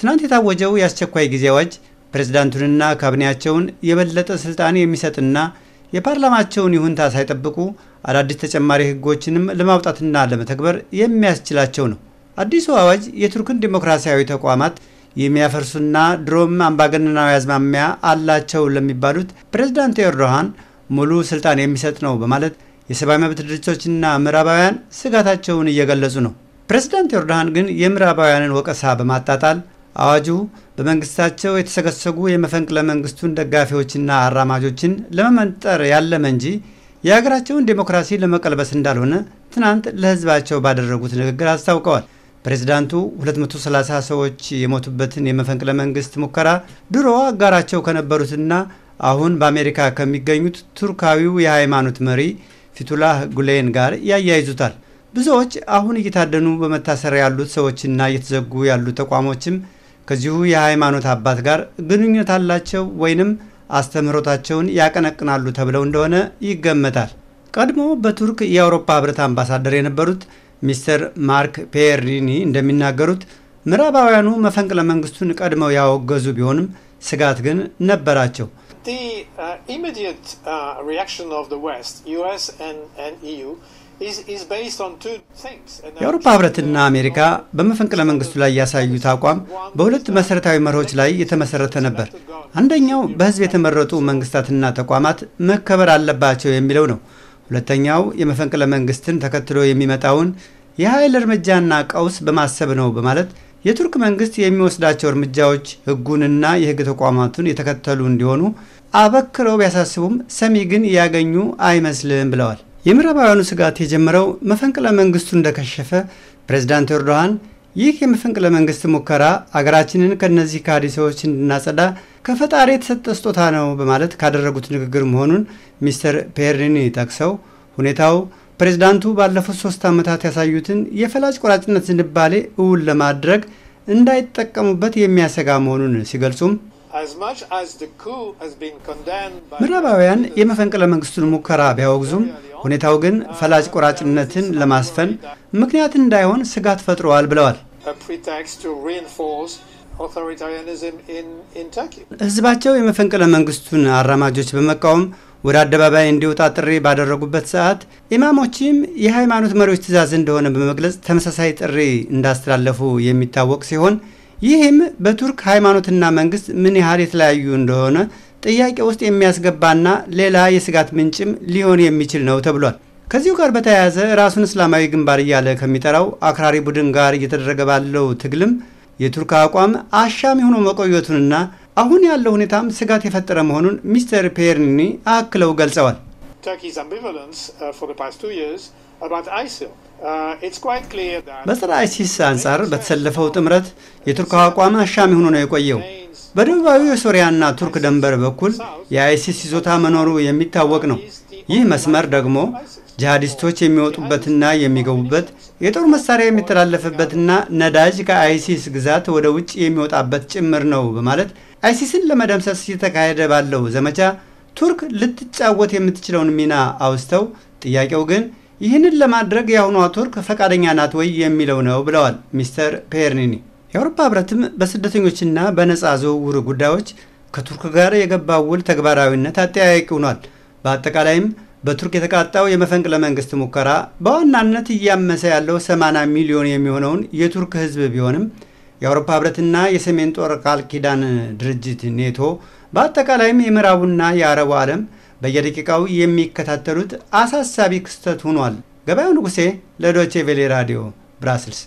ትናንት የታወጀው የአስቸኳይ ጊዜ አዋጅ ፕሬዝዳንቱንና ካቢኔያቸውን የበለጠ ስልጣን የሚሰጥና የፓርላማቸውን ይሁንታ ሳይጠብቁ አዳዲስ ተጨማሪ ህጎችንም ለማውጣትና ለመተግበር የሚያስችላቸው ነው። አዲሱ አዋጅ የቱርክን ዲሞክራሲያዊ ተቋማት የሚያፈርሱና ድሮም አምባገነናዊ አዝማሚያ አላቸው ለሚባሉት ፕሬዝዳንት ኤርዶሃን ሙሉ ስልጣን የሚሰጥ ነው በማለት የሰብአዊ መብት ድርጅቶችና ምዕራባውያን ስጋታቸውን እየገለጹ ነው። ፕሬዝዳንት ኤርዶሃን ግን የምዕራባውያንን ወቀሳ በማጣጣል አዋጁ በመንግስታቸው የተሰገሰጉ የመፈንቅለ መንግስቱን ደጋፊዎችና አራማጆችን ለመመንጠር ያለመ እንጂ የሀገራቸውን ዴሞክራሲ ለመቀልበስ እንዳልሆነ ትናንት ለህዝባቸው ባደረጉት ንግግር አስታውቀዋል። ፕሬዚዳንቱ 230 ሰዎች የሞቱበትን የመፈንቅለ መንግስት ሙከራ ድሮ አጋራቸው ከነበሩትና አሁን በአሜሪካ ከሚገኙት ቱርካዊው የሃይማኖት መሪ ፊቱላህ ጉሌን ጋር ያያይዙታል። ብዙዎች አሁን እየታደኑ በመታሰር ያሉት ሰዎችና እየተዘጉ ያሉት ተቋሞችም ከዚሁ የሃይማኖት አባት ጋር ግንኙነት አላቸው ወይንም አስተምህሮታቸውን ያቀነቅናሉ ተብለው እንደሆነ ይገመታል። ቀድሞ በቱርክ የአውሮፓ ህብረት አምባሳደር የነበሩት ሚስተር ማርክ ፔየሪኒ እንደሚናገሩት ምዕራባውያኑ መፈንቅለ መንግስቱን ቀድመው ያወገዙ ቢሆንም ስጋት ግን ነበራቸው። the uh, immediate uh, reaction of the West, US and, and EU, የአውሮፓ ህብረትና አሜሪካ በመፈንቅለ መንግስቱ ላይ ያሳዩት አቋም በሁለት መሰረታዊ መርሆች ላይ የተመሰረተ ነበር። አንደኛው በህዝብ የተመረጡ መንግስታትና ተቋማት መከበር አለባቸው የሚለው ነው። ሁለተኛው የመፈንቅለ መንግስትን ተከትሎ የሚመጣውን የኃይል እርምጃና ቀውስ በማሰብ ነው በማለት የቱርክ መንግስት የሚወስዳቸው እርምጃዎች ህጉንና የህግ ተቋማቱን የተከተሉ እንዲሆኑ አበክረው ቢያሳስቡም ሰሚ ግን ያገኙ አይመስልም ብለዋል። የምዕራባውያኑ ስጋት የጀመረው መፈንቅለ መንግስቱ እንደከሸፈ ፕሬዝዳንት ኤርዶሃን ይህ የመፈንቅለ መንግስት ሙከራ አገራችንን ከነዚህ ከሃዲ ሰዎች እንድናጸዳ ከፈጣሪ የተሰጠ ስጦታ ነው በማለት ካደረጉት ንግግር መሆኑን ሚስተር ፔርኒኒ ጠቅሰው ሁኔታው ፕሬዝዳንቱ ባለፉት ሶስት ዓመታት ያሳዩትን የፈላጭ ቆራጭነት ዝንባሌ እውን ለማድረግ እንዳይጠቀሙበት የሚያሰጋ መሆኑን ሲገልጹም ምዕራባውያን የመፈንቅለ መንግስቱን ሙከራ ቢያወግዙም ሁኔታው ግን ፈላጭ ቆራጭነትን ለማስፈን ምክንያት እንዳይሆን ስጋት ፈጥረዋል ብለዋል። ህዝባቸው የመፈንቅለ መንግስቱን አራማጆች በመቃወም ወደ አደባባይ እንዲወጣ ጥሪ ባደረጉበት ሰዓት ኢማሞችም የሃይማኖት መሪዎች ትእዛዝ እንደሆነ በመግለጽ ተመሳሳይ ጥሪ እንዳስተላለፉ የሚታወቅ ሲሆን ይህም በቱርክ ሃይማኖትና መንግስት ምን ያህል የተለያዩ እንደሆነ ጥያቄ ውስጥ የሚያስገባና ሌላ የስጋት ምንጭም ሊሆን የሚችል ነው ተብሏል። ከዚሁ ጋር በተያያዘ ራሱን እስላማዊ ግንባር እያለ ከሚጠራው አክራሪ ቡድን ጋር እየተደረገ ባለው ትግልም የቱርክ አቋም አሻሚ ሆኖ መቆየቱንና አሁን ያለው ሁኔታም ስጋት የፈጠረ መሆኑን ሚስተር ፔርኒ አክለው ገልጸዋል። uh, uh, በጸረ አይሲስ አንጻር በተሰለፈው ጥምረት የቱርክ አቋም አሻሚ ሆኖ ነው የቆየው። በደቡባዊ የሶሪያና ቱርክ ደንበር በኩል የአይሲስ ይዞታ መኖሩ የሚታወቅ ነው። ይህ መስመር ደግሞ ጂሃዲስቶች የሚወጡበትና የሚገቡበት የጦር መሳሪያ የሚተላለፍበትና ነዳጅ ከአይሲስ ግዛት ወደ ውጭ የሚወጣበት ጭምር ነው በማለት አይሲስን ለመደምሰስ እየተካሄደ ባለው ዘመቻ ቱርክ ልትጫወት የምትችለውን ሚና አውስተው፣ ጥያቄው ግን ይህንን ለማድረግ የአሁኗ ቱርክ ፈቃደኛ ናት ወይ የሚለው ነው ብለዋል ሚስተር ፔርኒኒ። የአውሮፓ ህብረትም በስደተኞችና በነፃ ዝውውር ጉዳዮች ከቱርክ ጋር የገባው ውል ተግባራዊነት አጠያያቂ ሆኗል። በአጠቃላይም በቱርክ የተቃጣው የመፈንቅለ መንግስት ሙከራ በዋናነት እያመሰ ያለው 80 ሚሊዮን የሚሆነውን የቱርክ ህዝብ ቢሆንም የአውሮፓ ህብረትና የሰሜን ጦር ቃል ኪዳን ድርጅት ኔቶ በአጠቃላይም የምዕራቡና የአረቡ ዓለም በየደቂቃው የሚከታተሉት አሳሳቢ ክስተት ሆኗል። ገበያው ንጉሴ ለዶቼ ቬሌ ራዲዮ ብራስልስ